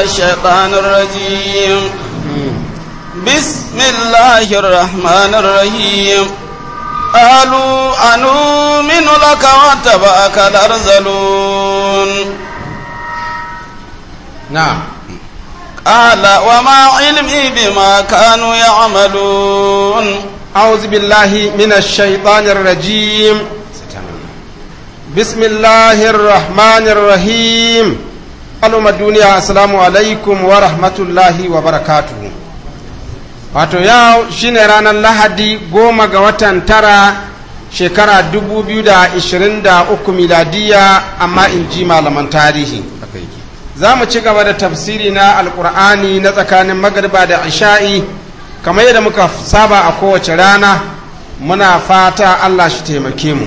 الشيطان الرجيم بسم الله الرحمن الرحيم قالوا أنؤمن لك واتبعك الأرزلون نعم قال وما علمي بما كانوا يعملون أعوذ بالله من الشيطان الرجيم بسم الله الرحمن الرحيم al'ummar duniya assalamu alaikum wa rahmatullahi wa barakatu. wato yau shine ranar lahadi goma ga watan tara shekara 2023 miladiya amma in ji malaman tarihi za mu ci gaba da tafsiri na alkur'ani na tsakanin magarba da isha'i kamar yadda muka saba a kowace rana muna fata allah shi taimake mu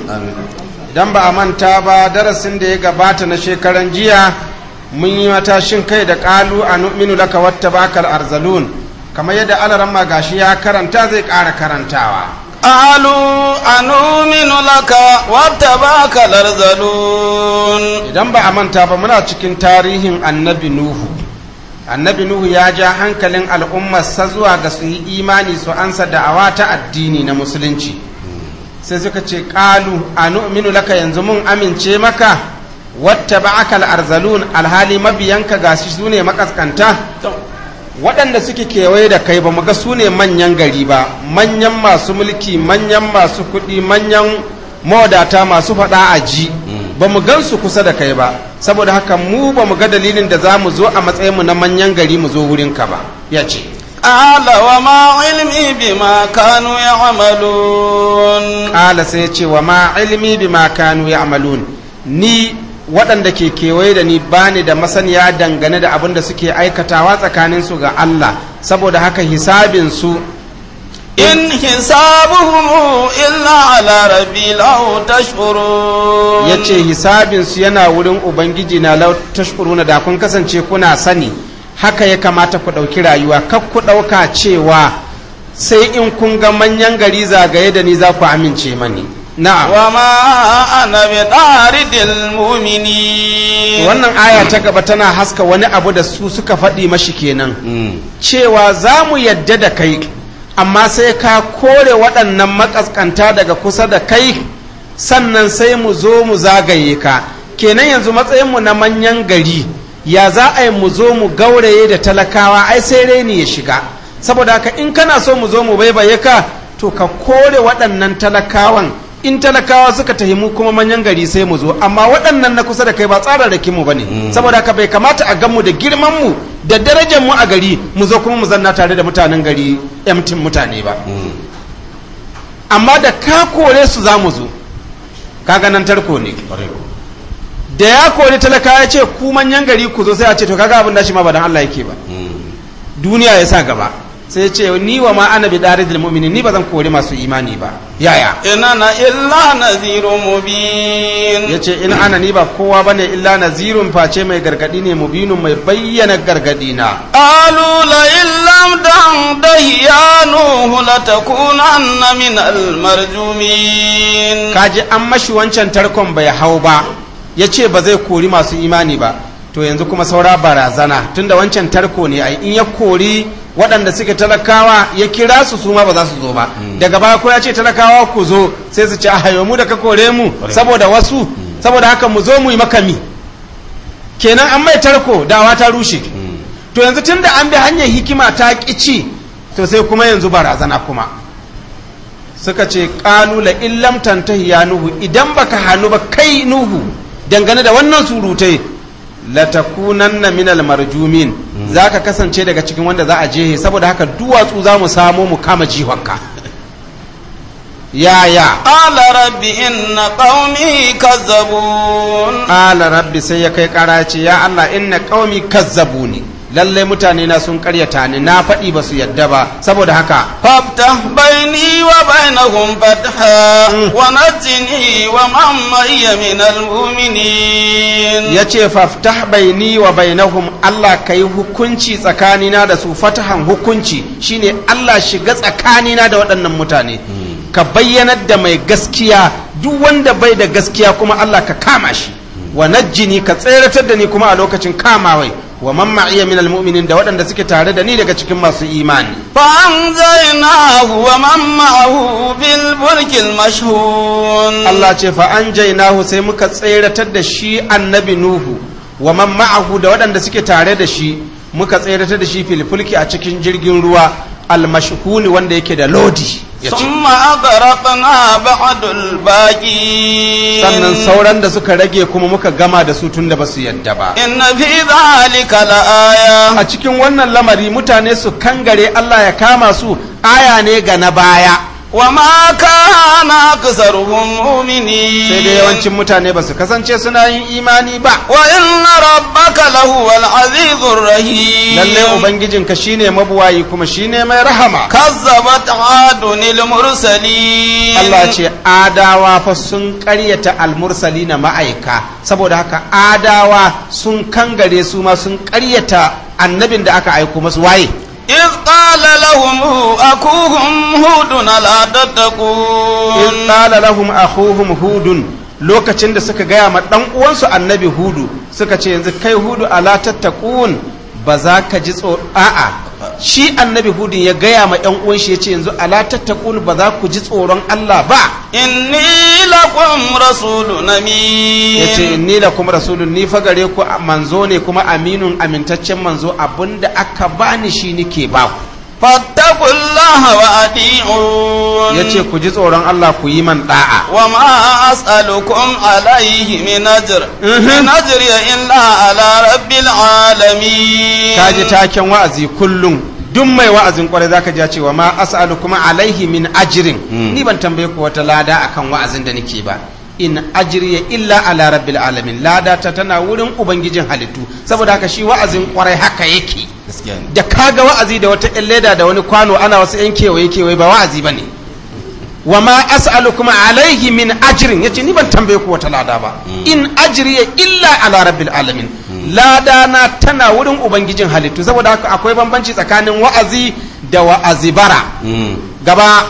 don ba a manta ba darasin da ya gabata na shekaran jiya mun yi matashin kai da ƙalu a nu'minu laka wata bakal arzalun kamar yadda ma gashi ya karanta zai ƙara karantawa a قالوا laka wata bakar arzalun. idan ba a manta ba muna cikin tarihin annabi nuhu annabi nuhu ya ja hankalin sa zuwa ga su yi imani su ansa da da'awa ta addini na musulunci sai suka ce ƙalu a nu'minu laka yanzu mun amince maka wata ba'akal arzalun alhali mabiyanka ga shi su ne makaskanta waɗanda suke kewaye da kai ba ga su ne manyan gari ba manyan masu mulki manyan masu kuɗi manyan mawadata masu faɗa a ji mm. ba mu gan su kusa da kai ba saboda haka mu ba mu ga dalilin da za mu zo a matsayin mu na manyan gari mu zo wurin ka ba ya ce Ƙala wa ma ilmi bi ma kanu ya amalun. Ƙala sai ce wa ma ilmi bi ma kanu ya amalun. Ni waɗanda ke kewaye da ni ba ni da masaniya dangane da abin da suke aikatawa tsakaninsu ga Allah saboda haka hisabinsu in hisabuhu illa ala rabbi law tashkuru yace hisabinsu yana wurin ubangiji na law na da kun kasance kuna sani haka ya kamata ku ɗauki rayuwa kar ku ɗauka cewa sai in kun ga manyan gari zagaye da ni za ku amince mani na'am wa ma ana wannan aya ta gaba tana haska wani abu da su suka faɗi mashi kenan hmm. cewa za mu yadda da kai amma sai ka kore waɗannan makaskanta daga kusa da kai sannan sai mu zo mu zagaye ka kenan yanzu matsayinmu na manyan gari ya za a yi mu zo mu gauraye da talakawa ai sai reni ya shiga saboda haka in kana so mu zo mu baibaye ka to ka kore waɗannan talakawan in talakawa suka tahimu kuma manyan gari sai mu zo amma waɗannan na kusa da kai ba tsararrakin mu ne. Hmm. saboda ka bai kamata a ganmu da girman mu da darajar mu a gari mu zo kuma mu zanna tare da mutanen gari emtin mutane ba hmm. amma da ka kore su za mu zo kaga nan tarko ne da ya kore talaka ya ce ku manyan gari ku zo sai a ce to kaga abin da shi ma ba dan Allah yake ba hmm. duniya ya sa gaba sai ya ce ni wa ma ana bi daridil mu'minin ni ba zan kori masu imani ba yaya ina na illa nazirun mubin yace in ana ni ba kowa bane illa nazirun face mai gargadi ne mubinun mai bayyana gargadi na alu la illam dan dayyanuhu latakunanna min almarjumin kaji an mashi wancan tarkon bai hau ba yace ba zai kori masu imani ba to yanzu kuma saura barazana tunda wancan tarko ne ai in ya kori waɗanda suke talakawa ya kira su su ma ba za su zo ba hmm. daga baya ko ya ce talakawa ku zo sai su ce ahayo mu da ka kore mu saboda wasu hmm. saboda haka mu zo mu yi makami kenan an mai tarko dawa ta rushe hmm. to yanzu tunda an bi hanyar hikima ta ƙici to sai kuma yanzu barazana kuma suka ce ƙalula illam tantahi ya nuhu idan baka hannu ba kai nuhu dangane da wannan surutai latakunanna minal marjumin za ka kasance daga cikin wanda za a jehe saboda haka duwatsu za mu samo mu kama jihonka Yaya. ya ala rabbi inna qaumi kazzabun ala rabbi sai ya kai karace ya Allah inna qaumi kazzabuni lallai mutane na sun karyata ni na faɗi ba su yadda ba saboda haka fafta baini wa bainahum fatha mm. wa najini wa mamayya min almu'minin yace fafta baini wa bainahum Allah kai hukunci tsakanina da su fatahan hukunci shine Allah shiga tsakanina da waɗannan mutane mm. ka bayyanar da mai gaskiya duk wanda bai da gaskiya kuma Allah ka kama shi mm. wa jini ka tseratar da ni kuma a lokacin kamawai wa man ma'iya min almu'minin da waɗanda suke tare da ni daga cikin masu imani fa anjaynahu wa man ma'ahu bil burkil mashhun Allah ce fa anjaynahu sai muka tseratar da shi annabi nuhu wa man ma'ahu da waɗanda suke tare da shi muka tseratar da shi fil fulki a cikin jirgin ruwa al wanda yake da lodi summa aghraqna ba'dul baƙi. sannan sauran da suka rage kuma muka gama da su tunda ba su yadda ba inna fi dhalika la'aya a cikin wannan lamari mutane su kangare Allah ya kama su aya ne ga na baya wa ma kana kasar mu'minin sai dai yawancin mutane ba su kasance suna yin imani ba wa inna rabbaka lahuwal azizur rahim lalle ubangijinka shine mabuwayi kuma shine mai rahama kazzabat adunil mursalin Allah ce adawa fa sun karyata almursali na ma'aika saboda haka adawa sun kangare su ma sun karyata annabin da aka aiko masu waye إذ قال لهم أخوهم هود لا تتقون إذ قال لهم أخوهم هود lokacin da suka gaya ma ɗan uwansu annabi hudu suka ce yanzu kai hudu ala tattaqun ba za ka ji tsoro shi annabi hudin ya gaya ma yan uwan shi yace yanzu ala tattaqun ba za ku ji tsoron Allah ba inni lakum rasulun amin yace inni lakum rasulun ni fa gare ku manzo ne kuma aminun amintaccen manzo abinda aka bani shi nike ba ku فاتقوا الله وأطيعون يتي كجي تsoron Allah ku yi man ɗa'a. wa ma as'alukum alayhi min ajr mhm. in ajri illa ala rabbil alamin kaji taken wa'azi kullum duk mai wa'azin kwarai zaka ji cewa ma as'alukum alaihi min ajrin hmm. ni ban tambaye ku wata lada akan wa'azin da nake ba in ajriya illa ala rabbil alamin lada ta tana wurin ubangijin halittu saboda haka shi wa'azin kwarai haka yake da kaga wa'azi da wata ƴan leda da wani kwano ana wasu ƴan kewaye kewaye ba wa'azi ne wa ma kuma alaihi min ajrin yace ni ban tambaye ku wata lada ba hmm. in ajri illa ala rabbil alamin hmm. lada na tana wurin ubangijin halittu saboda haka akwai bambanci tsakanin wa'azi da wa'azibara hmm. gaba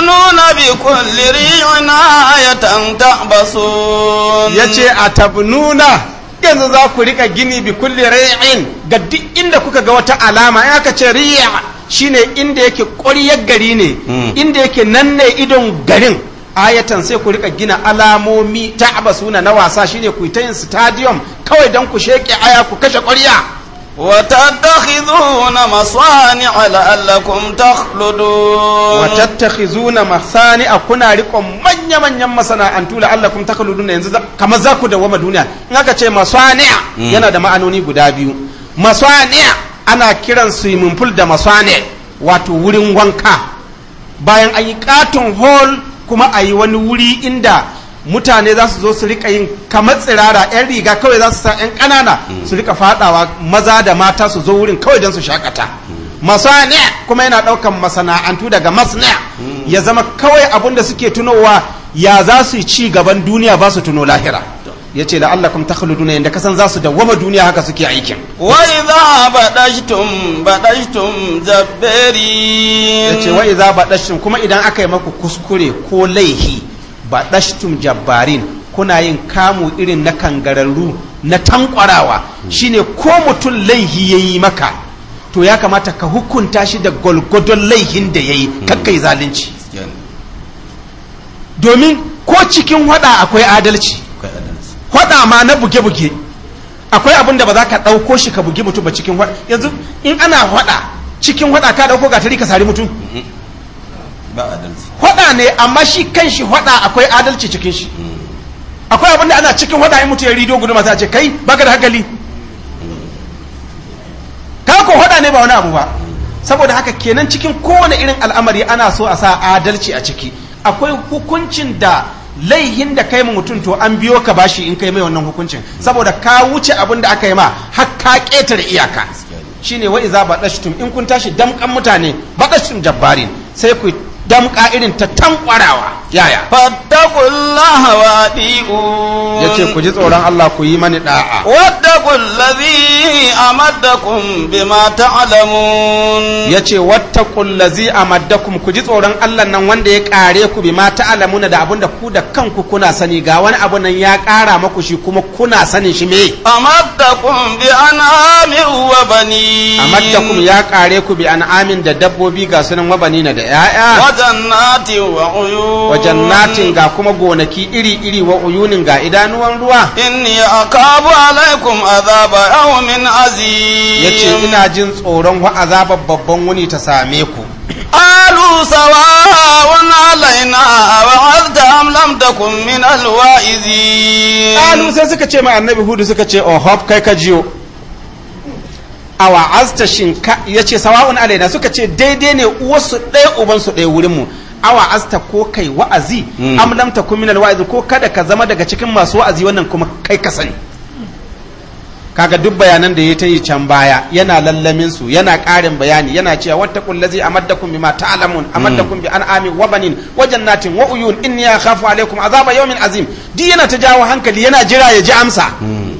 nuna bi kulli ri'in ayatan ta'basun yace atabnuna yanzu za ku rika gini bi kulli rai'in ga duk inda kuka ga wata alama in aka ce riya shine inda yake ƙwaryar gari ne hmm. inda yake nan ne idon garin ayatan sai ku rika gina alamomi ta abasuna na wasa shine ku ta yin stadium kawai don ku sheke aya ku kashe ƙwarya وتتخذون مصانع لعلكم تخلدون وتتخذون مصانع كنا ريكم من يمن يم masana'antu la'allakum takhludun yanzu kamar za ku dawama duniya in aka ce masani'a yana da ma'anoni guda biyu masani'a ana kiran swimming pool da masani'a wato wurin wanka bayan ayi katon hol kuma ayi wani wuri inda mutane za su zo su rika yin kamar tsirara yan riga kawai za su sa yan kanana hmm. su rika fadawa maza da mata su zo wurin kawai don su shakata hmm. ne kuma yana daukan masana'antu daga masana hmm. ya zama kawai abinda suke tunowa ya za su ci gaban duniya ba su tuno lahira ya ce ta la'allakum duniya yanda kasan za su dawwama duniya haka suke aikin wai wa idza badashtum badashtum jabbarin ya ce wai wa idza tun kuma idan aka yi maku kuskure ko laihi ba dashtum jabbarin kuna yin kamu irin na kangararru na tankwarawa shine ko mutum laihi ya yi maka to ya kamata ka hukunta shi da gwalgwadon laihin da ya yi hmm. kakkai zalunci domin ko cikin hada akwai adalci hada ma na buge-buge akwai abin da ba za ka ɗauko shi ka buge mutum ba cikin hada yanzu in ana hada cikin hada ka ɗauko gatari ka sari mutum mhm. ba adalci hwada ne amma shi kan shi hwada akwai adalci cikin shi akwai abin da ana cikin hwada in mutu ya rido guduma ta ce kai baka da hankali ka ko ne ba wani abu ba saboda haka kenan cikin kowane irin al'amari ana so a sa adalci a ciki akwai hukuncin da laihin da kai mutum to an biyo ka bashi in kai mai wannan hukuncin saboda ka wuce abin da aka yi ma har ka ƙetare iyaka shine wa iza badashtum in kun tashi damkan mutane badashtum jabbarin sai ku dam irin ta tankwarawa yaya fattakullaha wa bi'un yace ku ji tsoron Allah ku yi mani da'a wattaqul ladzi amaddakum bima ta'lamun yace a madda amaddakum ku ji tsoron Allah nan wanda ya kare ku bima ta'lamuna da abunda ku da kanku kuna sani ga wani abu nan ya kara maku shi kuma kuna sanin shi me amaddakum bi an'amin wa banin amaddakum ya kare ku bi an'amin da dabbobi ga sunan wa na da ya'ya jannati wa wa jannatin ga kuma gonaki iri iri wa uyunin ga idanuwan ruwa inni akabu alaikum azaba yawmin azim yace ina jin tsoron wa azabar babban wuni ta same ku قالوا سواء علينا وعظت أم Alu sai suka ce ma annabi hudu suka ce سيسكتشي oh, hop kai ka jiyo. Awa wa'azta shinka ya ce sawa'un alaina suka ce daidai ne wasu ɗaya ubansu ɗaya wurinmu awa azta ko kai wa'azi hmm. am lam takun minal wa'izi ko kada ka zama daga cikin masu wa'azi wannan kuma kai ka sani kaga duk bayanan da ya ta yi can baya yana lallamin su yana ƙarin bayani yana cewa wattaqul ladzi amaddakum bima ta'lamun hmm. amaddakum bi an'ami wa banin wa jannatin wa uyun inni akhafu alaykum azaba yawmin azim di yana ta jawo hankali yana jira ya ji amsa hmm.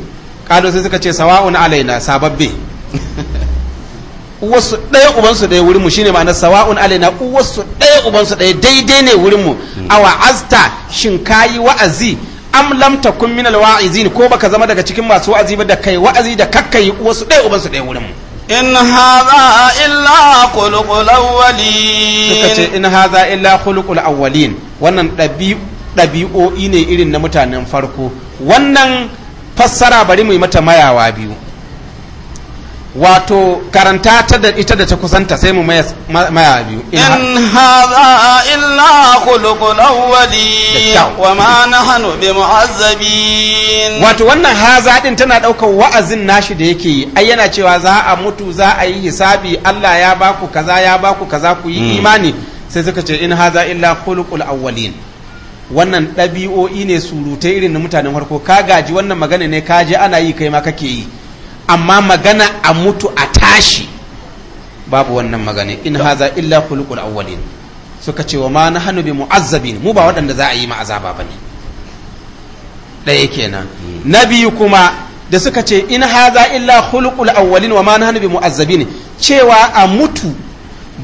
kalu sai suka ce sawa'un alaina sababbe uwarsu ɗaya ubansu ɗaya wurinmu shine ma'ana sawa'un alaina uwarsu ɗaya ubansu ɗaya daidai ne wurinmu hmm. a wa'azta shin ka yi wa'azi am lam takun min alwa'izin ko baka zama daga cikin masu wa'azi ba da kai wa'azi da kakkai uwarsu ɗaya ubansu ɗaya wurinmu in hadha illa khuluqul awwalin suka ce in hadha illa khuluqul awwalin wannan ɗabi'o'i ne irin na mutanen farko wannan fassara bari mu yi mata mayawa biyu wato karanta ta da ita da ta kusanta sai mu maya biyu in hadha illa khuluqul awwali wa ma nahnu bi mu'azzabin wato wannan haza din tana daukar wa'azin nashi da yake yi ai yana cewa za a mutu za a yi hisabi Allah ya baku kaza ya baku kaza ku yi hmm. imani sai suka ce in haza illa khuluqul awwalin wannan ɗabi'o'i ne surutai irin na mutanen farko ka gaji wannan magana ne ka je ana yi kai ma kake yi amma magana a mutu a tashi babu wannan magana in haza illa khuluqul awwalin suka ce wa ma nahnu bi mu'azzabin mu ba waɗanda za a yi ma azaba bane ɗaya kenan na biyu kuma da suka ce in haza illa khuluqul awwalin wa ma nahnu bi mu'azzabin cewa a mutu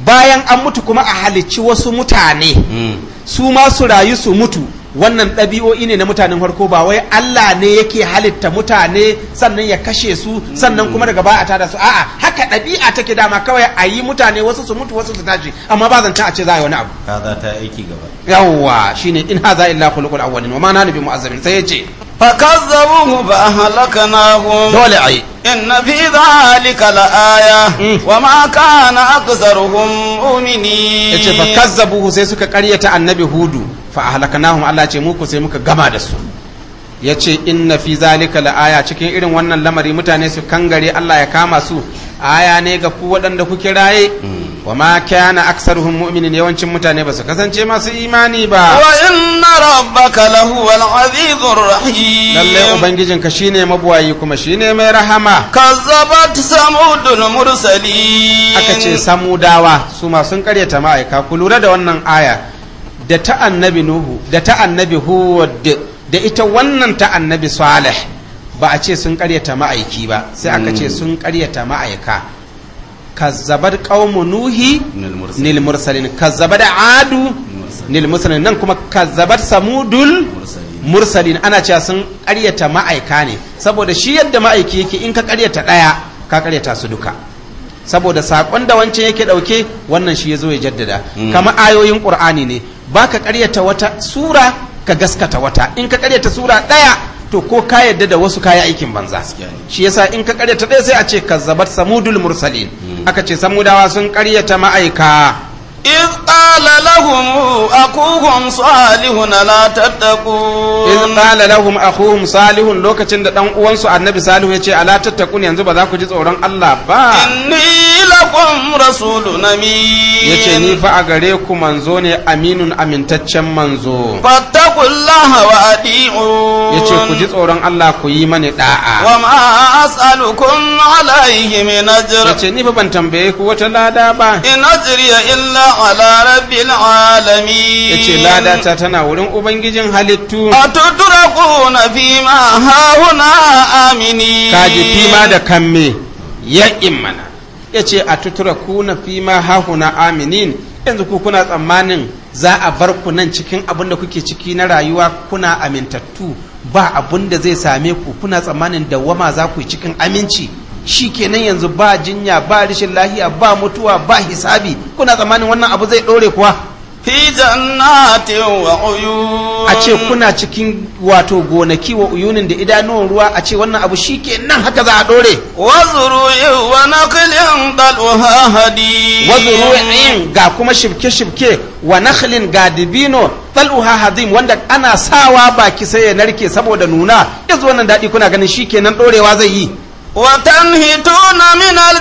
bayan an mutu kuma a halicci wasu mutane hmm. su ma su rayu su mutu wannan ɗabi'o'i ne na mutanen farko ba wai Allah ne yake halitta mutane sannan ya kashe su sannan kuma daga ba a tada su a'a haka ɗabi'a take dama kawai a yi mutane wasu su mutu wasu su tashi amma ba zan ta a ce za a yi wani abu kaza ta aiki gaba yawwa shine in haza illa khuluqul awwalin wa ma nanu bi mu'azzabin sai yace fa kazzabuhu fa ahlaknahum dole ai inna fi dhalika la aya mm. wa ma kana aktharuhum mu'minin yace fa kazzabuhu sai suka karyata annabi hudu fa ahlaknahum Allah ce mu sai muka gama da su yace inna fi zalika laaya cikin irin wannan lamari mutane su kangare Allah ya kama su aya ne ga ku waɗanda kuke raye hmm. wa ma kana aksaruhum mu'minin yawancin mutane ba su kasance masu imani ba wa inna rabbaka wal azizur rahim lalle ka shine mabuwayi kuma shine mai rahama kazzabat samudul mursalin aka ce samudawa su ma sun karyata ma'aika ku lura da wannan aya da ta annabi nuhu da ta annabi hud da ita wannan ta annabi salih ba a ce sun karyata ma'aiki ba sai aka ce hmm. sun karyata ma'aika kazzabar qaumu nuhi nil mursalin kazzabar adu nil mursalin nan kuma kazzabar samudul mursalin ana cewa sun karyata ma'aika ne saboda shi yadda ma'aiki yake in ka karyata daya ka karyata su duka saboda saƙon da wancan yake ɗauke wannan shi ya zo ya jaddada hmm. kama ayoyin qur'ani ne ba ka karyata wata sura ka gaskata wata in ka karyata sura ɗaya to ko ka yadda da wasu kaya aikin banza shi yasa in ka karyata ɗaya sai a ce kazzabat samudul mursalin hmm. aka ce samudawa sun karyata ma'aika إذ قال لهم أخوهم صالح لا تتقون إذ قال لهم أخوهم صالح لوكتين دان uwansu annabi salihu yace ala tattakun yanzu ba za ku ji tsoron Allah ba lakum rasulu amin yace ni fa a gare ku manzo ne aminun amintaccen manzo fattakullaha wa adi'un yace ku ji tsoron Allah ku yi mani da'a wa ma as'alukum alayhi min ajr yace ni fa ban tambaye ku wata lada ba in ajri illa ala rabbil alamin yace lada ta tana wurin ubangijin halittu atudrakuna fima hauna amini kaji fima da kamme ya mana. ya ce a tutura kuna fi ma hahuna aminin yanzu ku kuna tsammanin za a bar ku nan cikin abin da kuke ciki na rayuwa kuna amintattu ba abin da zai same ku kuna tsammanin dawwama za ku yi cikin aminci shi kenan yanzu ba jinya ba rashin lahiya ba mutuwa ba hisabi kuna tsammanin wannan abu zai ɗore kuwa fi wa uyun a ce kuna cikin wato gonaki wa uyunin da idanuwan ruwa a ce wannan abu shi ke nan haka za a dore wa wa hadi wa ga kuma shibke shibke wa nakhlin ga dibino dalha hadim wanda ana sawa baki sai ya narke saboda nuna yanzu wannan dadi kuna ganin shi ke nan dorewa zai yi وتنهتون من الجبال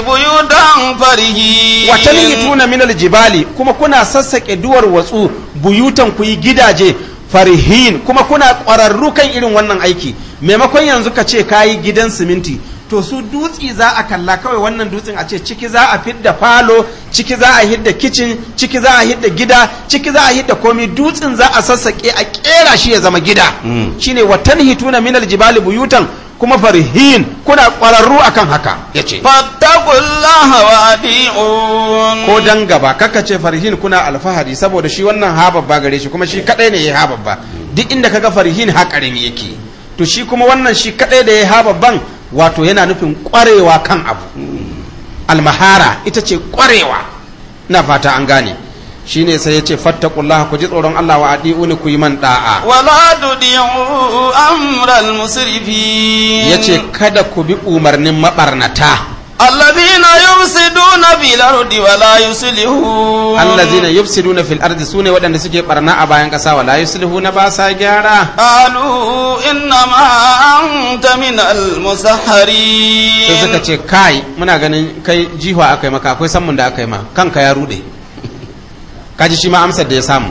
بيوتا فرهين وتنهتون من الجبال كما كنا سسك دوار وسو بيوتا كوي جداجي farihin kuma kuna ƙwararru kan irin wannan aiki maimakon yanzu ka ce kayi gidan siminti to su dutsi za a kalla kawai wannan dutsen a ce ciki za a fidda falo ciki za a hidda kicin ciki za a hidda gida ciki za a hidda komi dutsen za a sassaƙe a ƙera shi ya zama gida hmm. shine watan hituna minal jibali buyutan kuma farihin kuna ƙwararru akan haka ya ce ko dan gaba kaka ce farihin kuna alfahari saboda shi wannan hababba gare shi kuma shi kaɗai ne ya hababba duk inda kaga farihin haƙarin yake to shi kuma wannan shi kaɗai da ya hababban wato yana nufin kwarewa kan abu almahara ita ce kwarewa na fata an gane shine sai yace kula ku ji tsoron Allah wa uni ku yi man da'a wala tudiu amral musrifin yace kada ku bi umarnin mabarnata الذين يفسدون في الأرض ولا يصلحون الذين يفسدون في الأرض سوني ودن سكي برنا أباين كسا ولا يصلحون باسا جارا قالوا إنما أنت من المسحرين to suka ce kai muna ganin kai jihwa akai maka akwai samun da akai ma kanka ya rude kaji shi ma amsar da ya samu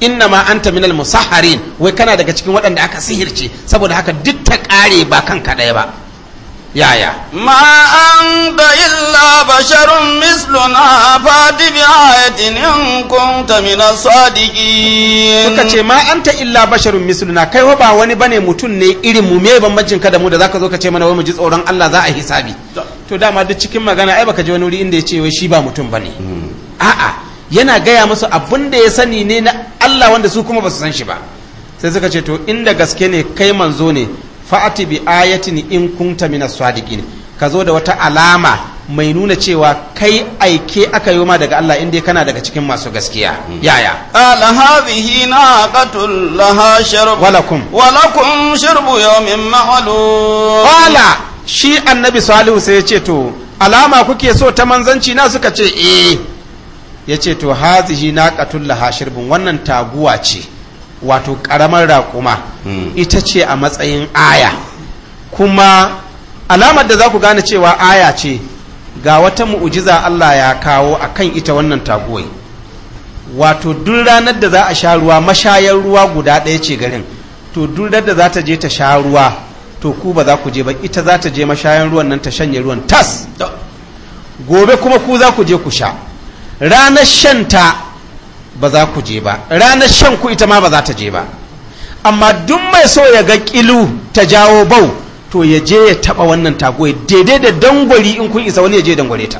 inna ma anta minal musahharin wai kana daga cikin waɗanda aka sihirce saboda haka duk ta ƙare ba kanka ɗaya ba yaya ma an da illa basharun misluna fati bi ayatin in kunta min sadiqin suka ce ma anta illa basharun misluna kai ho ba wani bane mutum ne irin mu me majin ka da mu da zaka zo ka ce mana wai mu ji tsoron Allah za a hisabi to dama duk cikin magana ai baka ji wani wuri inda ya ce wai shi ba mutum bane a'a yana gaya musu abin da ya sani ne na Allah wanda su kuma ba su san shi ba sai suka ce to inda gaske ne kai manzo ne fa'ati bi ayatin in kunta min as-sadiqin ka zo da wata alama mai nuna cewa kai aike aka yi ma daga Allah in dai kana daga cikin masu gaskiya yaya qala hadhihi naqatul laha sharb walakum walakum sharbu yawmin ma'lum qala shi annabi salihu sai ya ce to alama kuke so ta manzanci na suka ce eh ya ce to hazihi naqatul laha shirbun wannan taguwa ce wato karamar raƙuma hmm. ita ce a matsayin aya kuma alamar da za ku gane cewa aya ce ga wata mu'ujiza Allah ya kawo a kan ita wannan taguwai wato duk ranar da za a sha ruwa mashayar ruwa guda ɗaya ce garin to duk da za ta je ta sha ruwa to ku ba za ku je ba ita za ta je mashayar ruwan nan ta shanye ruwan tas gobe kuma ku za ku je ku sha ranar shanta ba za ku je ba ranar shan ku ita ma ba za ta je ba amma duk mai so ya ga kilu ta jawo bau to ya je ya taba wannan tagoyi daidai da dangwari in kun isa wani ya je dangware ta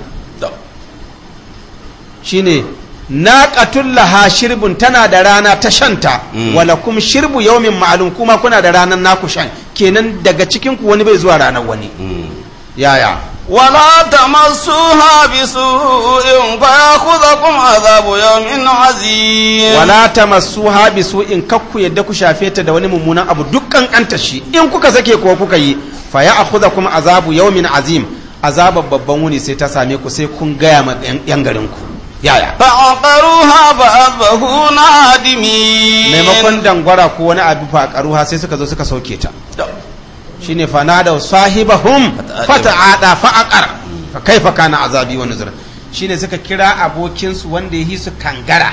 shine naqatul laha shirbun tana da rana ta shanta mm. wala kum shirbu min ma'alum kuma kuna da ranar naku shan kenan daga cikinku wani bai zuwa ranar wani mm. yaya ولا تمسوها بسوء فياخذكم عذاب يوم عظيم ولا تمسوها بسوء ككو yadda ku shafe ta da wani mummunan abu dukkan kanta shi in kuka sake ko kuka yi fa ya'khudhukum azabu yawmin azim azabar babban wuni sai ta same ku sai kun gaya ma yan garin ku yaya fa'aqaruha fa'abahu nadimi maimakon dangwara ko wani abu fa'aqaruha sai suka zo suka sauke ta shine fanada sahibahum fata'ada fa'aqar fa kaifa kana azabi wa nuzur shine suka kira abokinsu wanda yi su kangara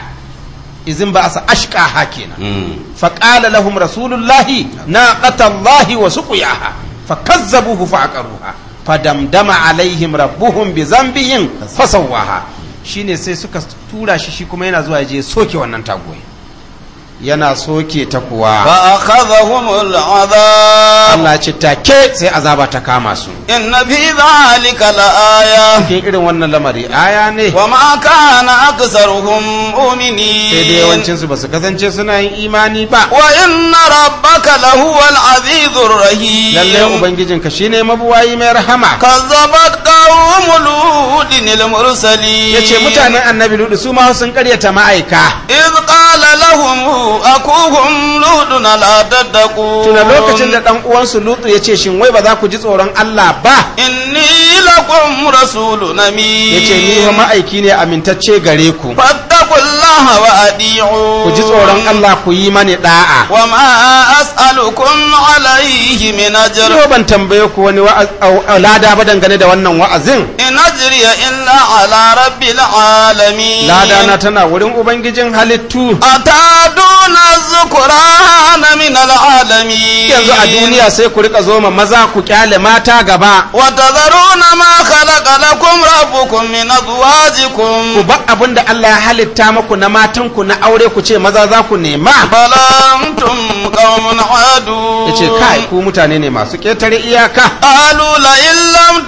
izin ba su ashqa ha kenan hmm. fa qala lahum rasulullahi naqatallahi wa suqiyaha fakazzabuhu Fa damdama alaihim rabbuhum bi dhanbihim fasawaha shine sai suka tura shi shi kuma yana zuwa ya je soke wannan tagoyi yana soke ta kuwa fa a azab Allah ce take sai azaba ta kama su inna fi dhalika laaya cikin irin wannan lamari aya ne wa ma kana aktsaruhum mu'minin sai dai yawancin su kasance suna yin imani ba wa inna rabbaka lahuwal azizur rahim lalle ubangijin ka shine mabuwayi mai rahama kazzabat qaumul hudin al mursalin yace mutanen annabi ludu su ma sun karyata ma'aika iz qala lahum akuhum ludun la tattaqu tuna lokacin da dan uwansu lutu yace shin wai ba za ku ji tsoron Allah ba inni lakum rasulun amin yace ni ma'aiki ne amintacce gare ku Allah wa adi'u ku ji tsoron Allah ku yi mani da'a wa ma as'alukum alayhi min ajr yo ban tambaye ku wani lada ba dangane da wannan wa'azin in ajri illa ala rabbil alamin lada na tana wurin ubangijin halittu atadu na min yanzu a duniya sai ku rika zoma maza ku kyale mata gaba wa na ma khalaqa lakum rabbukum min azwajikum ku ba abinda Allah ya halitta maku na matan ku na aure ku ce maza za ku nema balantum innahum qaumun hadu yace kai ku mutane ne masu ketare iyaka alu la illam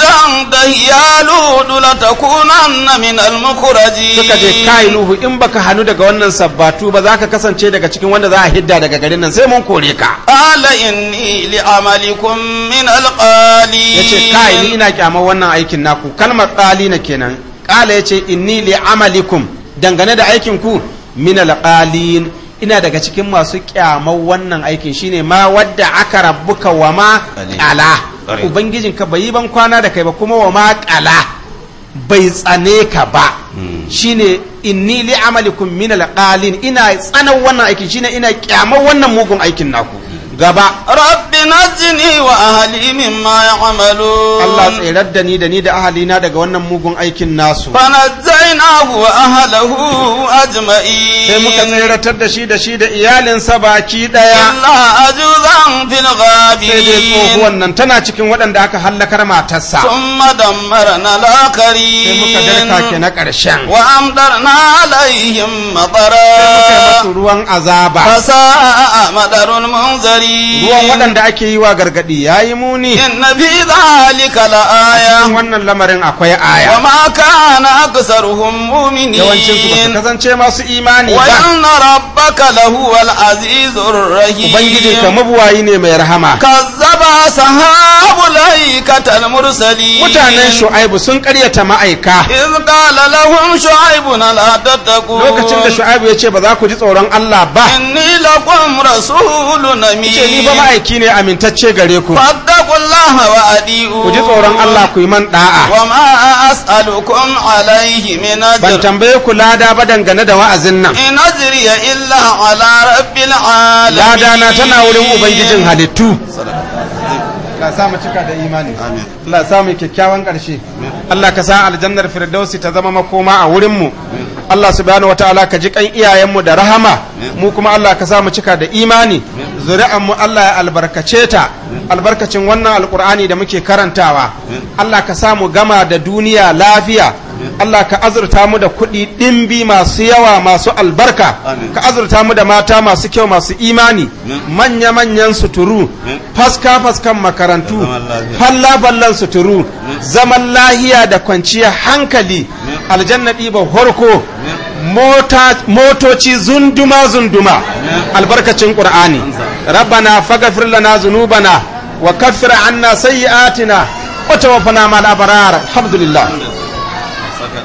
da ya ludu la takunanna min al mukhraji suka je kai nuhu in baka hanu daga wannan sabbatu ba za ka kasance daga cikin wanda za a hidda daga garin nan sai mun kore ka ala inni li amalikum min al qali yace kai ni ina kyamar wannan aikin naku kalmar qali na kenan qala yace inni li amalikum dangane da aikin ku min al qalin ina daga cikin masu kyamar wannan aikin shine ma wadda aka rabbuka wa ma kala ubangijin ka bai yi ban kwana da kai ba kuma wa ma kala bai tsane ka ba hmm. shine inni li amalikum min alqalin ina tsanan wannan aikin shine ina kyamar wannan mugun aikin naku gaba rabbi najini wa ahli mimma ya'malun Allah tsirar da ni da ni da ahalina daga wannan mugun aikin nasu fa najjainahu wa ahlahu ajma'in sai muka tsiratar da shi da shi da iyalin sa baki daya illa ajuzan fil ghabi sai dai tsohuwan nan tana cikin waɗanda aka hallakar matarsa thumma dammarna lakari sai muka garka ke na ƙarshen wa amdarna alaihim matara sai muka ruwan azaba fasa madarun munzari ruwan waɗanda ake yi wa gargadi yayi muni inna fi zalika la aya wannan lamarin akwai aya wa ma kana aksaru hum mu'minin yawancin su kasance masu imani ba wa rabbaka lahu al ubangiji ka mabuwayi ne mai rahama ashabu al mursali mutanen shu'aibu sun karyata ma'aika iz qala lahum shu'aibu la tattaqu lokacin da shu'aibu yace ba za ku ji tsoron Allah ba inni lakum rasulun amin ce ni ba ma'aiki ne amintacce gare ku fattaqullaha wa adiu ku ji tsoron Allah ku yi man da'a wa ma as'alukum alaihi min ajr ban tambaye ku lada ba dangane da wa'azin nan in ajriya illa ala rabbil alamin lada na tana wurin ubangijin halittu Allah sa mu cika da imani amin Allah sa mu kyakkyawan ƙarshe. Allah ka sa aljannar firdausi ta zama makoma a wurin mu Allah subhanahu wataala ka ji kan iyayen mu da rahama mu kuma Allah ka sa mu cika da imani zuri'an mu Allah ya albarkace ta albarkacin wannan alqur'ani da muke karantawa Allah ka sa mu gama da duniya lafiya Allah ka azurta mu da kuɗi ɗimbi masu yawa masu albarka ka azurta mu da mata masu kyau masu imani manya-manyan suturu faska-faskan makarantu falla-fallan suturu zaman lahiya da kwanciya hankali aljanna ɗiba horko motoci zunduma-zunduma albarkacin ƙur'ani rabbana fagafir lana zunubana wa kaffir anna sayyi'atina wa tawaffana ma abrar alhamdulillah